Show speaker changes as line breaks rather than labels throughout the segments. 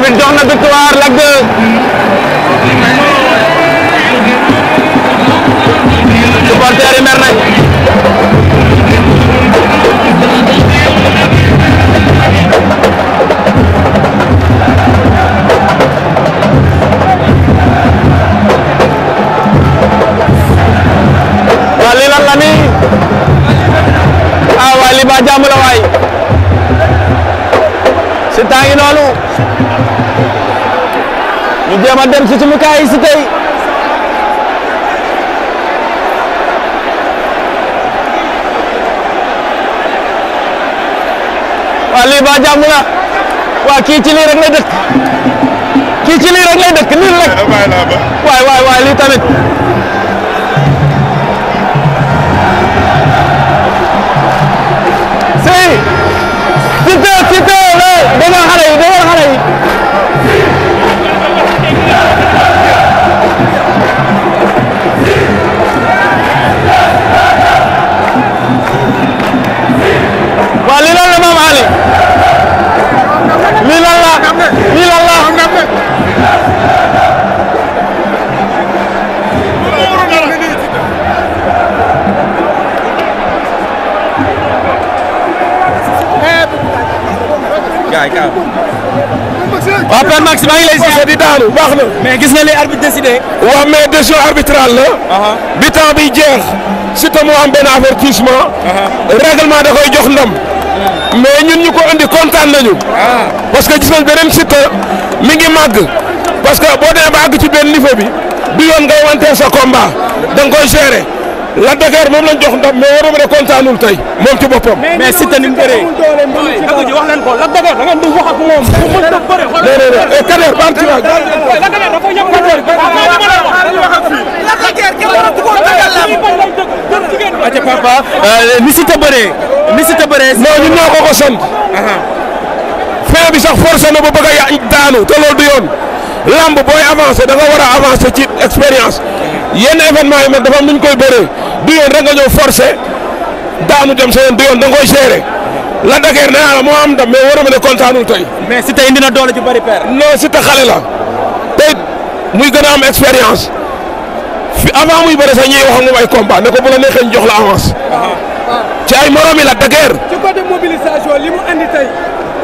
arbitre jox na nii ah, ma dem ci sumu kaay si tey waa lii ba jàmm la waa kii ci lii rek lay dëkk kii ci lii rek lay dëkk lii rek waay waay waay lii tamit si si te si te la eh, danga xale yi waaw Père Max maa ngi lay siy
di daanu baax na. mais gis na li arbitre décidé. waaw mais décision arbitrale
la.
bi temps bi jeex. surtout mu am benn avertissement. règlement da koy jox ndam. Hmm. mais ñun ñu ko andi kontaan nañu. Ah. parce que gis nañ beneen Siteu mi ngi màgg. parce que boo demee ba àgg ci benn niveau bi. du yoon ngay wantee sa combat. da koy gérer. la Dakar moom lañ jox ndam moom ci boppam. mais si te bëree dëgg ji wax leen la Dakar da ngeen di wax ak moom. mu a bëri xoolal non
non non a duggoon ni si te bëree ni si te bëree. non ñun
ñoo ko ko sant. bi sax forcé na ba bëgg a ya daanu te loolu du lamb booy avancé da nga war a avancé ci expérience. yenn événement yi mag dafa am nu ñu koy bëree du yoon rek nga ñëw forcé daanu dem sa yoon du yoon da nga la Dakar nee naa la moo am da mais waruma ne kontaanul tey. mais si tey indi na doole ju bëri père. non si ta xale la tey muy gën a am expérience fi avant muy bëri sax ñuy wax ak moom ay ne ko bu la neexee ñu jox la avance. ci ay morom la Dakar. ci côté mobilisation li mu andi tey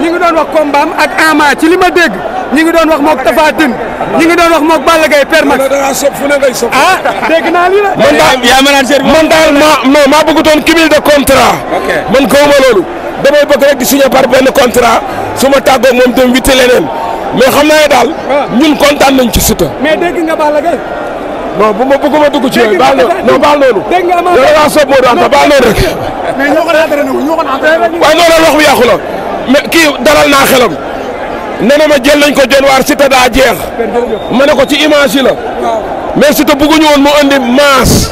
ñu ngi doon wax combat am ak ama ci li ma dégg. ñi ngi doon wax mook Tapha Tine ñi ngi doon wax mook Balla Gaye Père Max ah dégg naa lii la man daal maa non maa bëggutoon cumul de contrat man kawuma loolu damay bëgg rek di par benn contrat su ma tàggoog moom dem witte leneen mais xam naa ne daal ah. ñun kontaan nañ ci Siteu mais dégg nga Balla Gaye non bu ma bëgguma dugg ci yooyu baal non baal noonu yow laa soob moo daan wax bi yàqu kii dalal naa xelam nee na ma jël nañ ko jën waar Siteu daa jeex ma ne ko ci image la mais Siteu bëgguñu woon mu andi maas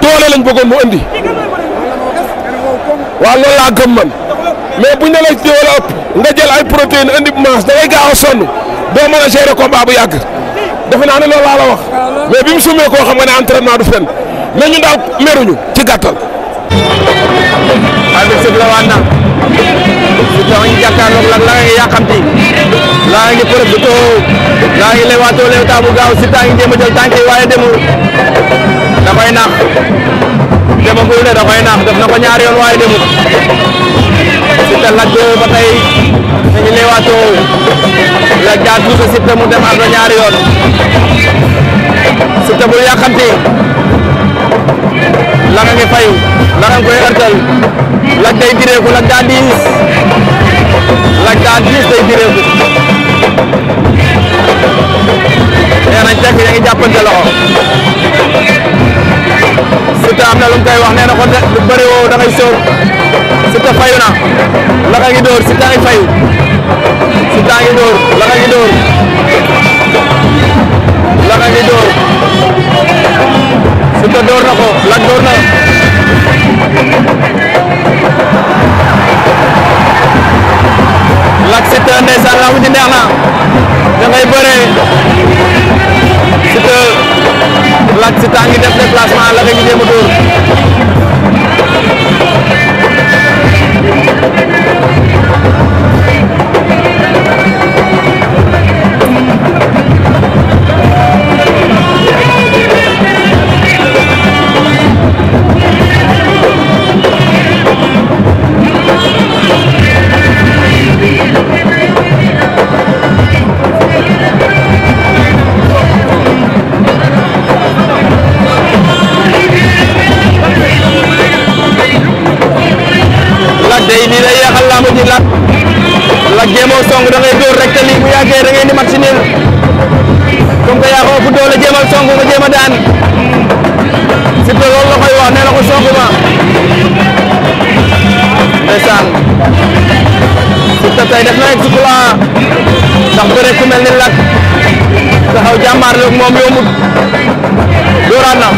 doole lañ bëggoon mu andi waaw loolu laa gëm man buñ ne la doole ëpp nga jël ay protéines andi maas da ngay gaaw a sonn doo mën a gérer bu yàgg defe naa ne loolu laa la wax mais bi mu sumee koo xam nga ne entraînement du fen mais ñu daal
meruñu ci gàttal. waaw Siteu a ngi jàkkaarloog lan la nga yàqamti laa ngi profito laa ngi lewaatoo lewtaa bu gaaw Siteu ngi jéem a jël tànk waaye demul da koy nax demagul de da koy nax def na ko ñaari yoon waaye demul Siteu la doo ba tey dañu lewaatoo la jaar tuuti Siteu mu dem ak la ñaari yoon bul yàqamti la fayu la nga koy ërtal la direeku la daa diis la dix day direegu nee nañ tekk ya ngi jàppante loxo Siteu na lu mu koy ko lu bëri woo da ngay sóor Siteu fayu na la ngi dóor Siteu a ngi fayu Siteu ngi dóor la ngi dóor la ka na ko la dóor na na ndeysaan laa mujj neex na da ngay bëree Siteu Lac Siteu a ngi def déplacement la a ngi jéem a dóor jéemoo song da ngay dóor te lii bu yàggee da ngay di mat si nii comme que yaa ko doole jéemal song nga jéem a daan Siteu loolu la koy wax nee ko song ma ndeysaan Siteu tey def na exploit ndax bëre ku mel ni Lac taxaw jàmmaarloog moom yombut dóoraan na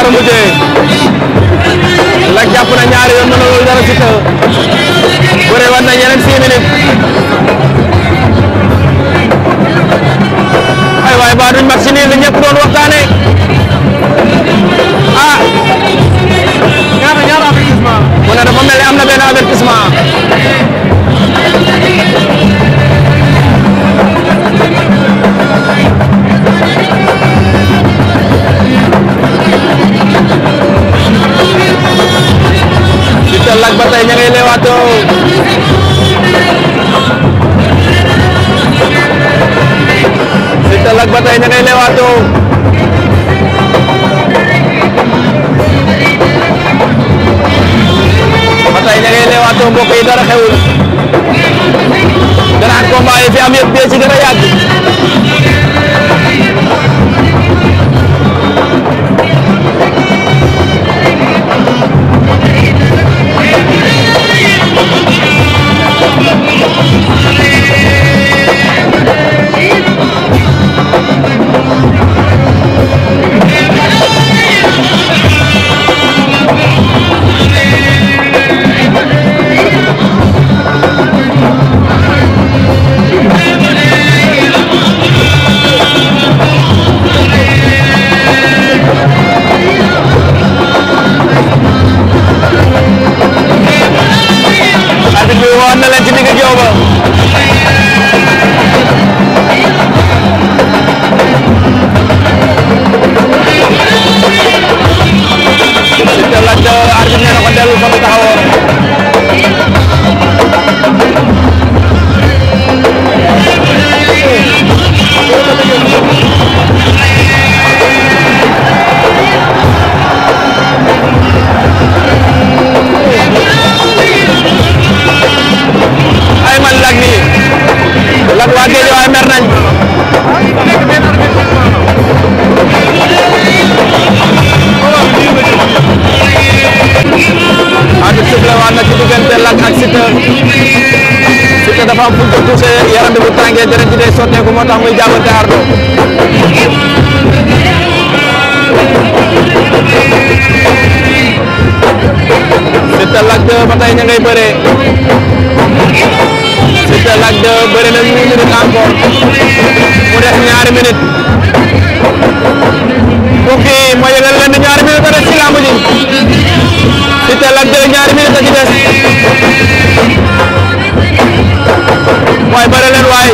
nar a mujjee Lac jàpp na ñaari yoon na loolu dara ci attention mbokk yi dara xewul grand combat yi fi am yëpp dee ci gën a yàgg 2 ba tey ña ngay bëree Siteu Lac 2 bëri na 8 minutes encore mu def ñaari minutes mbokk yi ma yëgal leen ne ñaari minutes a des ci làmb ji Siteu Lac 2 ñaari minutes a ci des waay bëri leen waay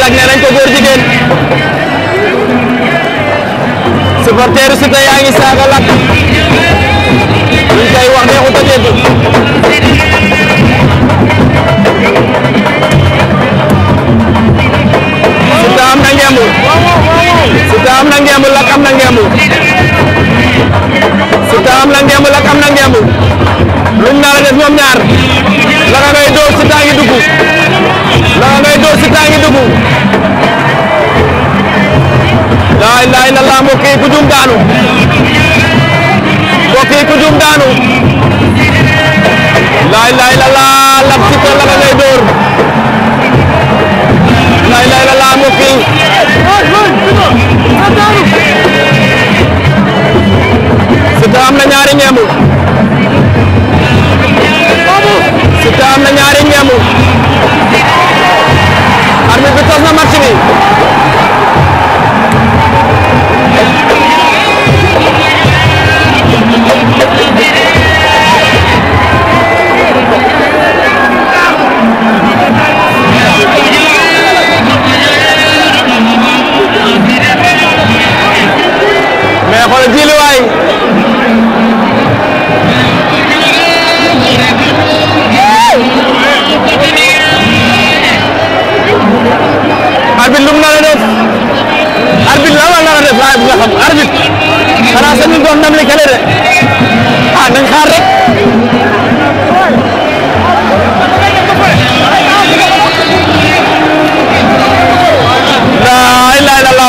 nag nee nañ ko góor jigéen supporteru Siteu yaa ngi saaga Lac ñu koy wax neexu ta dégg Siteu am na ngemb Siteu am na ngemb Lac am na ngemb Siteu am na ngemb Lac am na ngemb luñ nar a def ñoom ñaar la ngay door Siteu a ngi dugg la ngay door Siteu a ngi dugg ilaha illallah mbokk yi ku jum daanu mbokk yi ku jum daanu la ilaha illallah lam ci ko la ngay door la ilaha illallah mbokk yi Siteu am na ñaari ñeex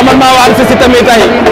waaw man maa waa ANACIM tamit tey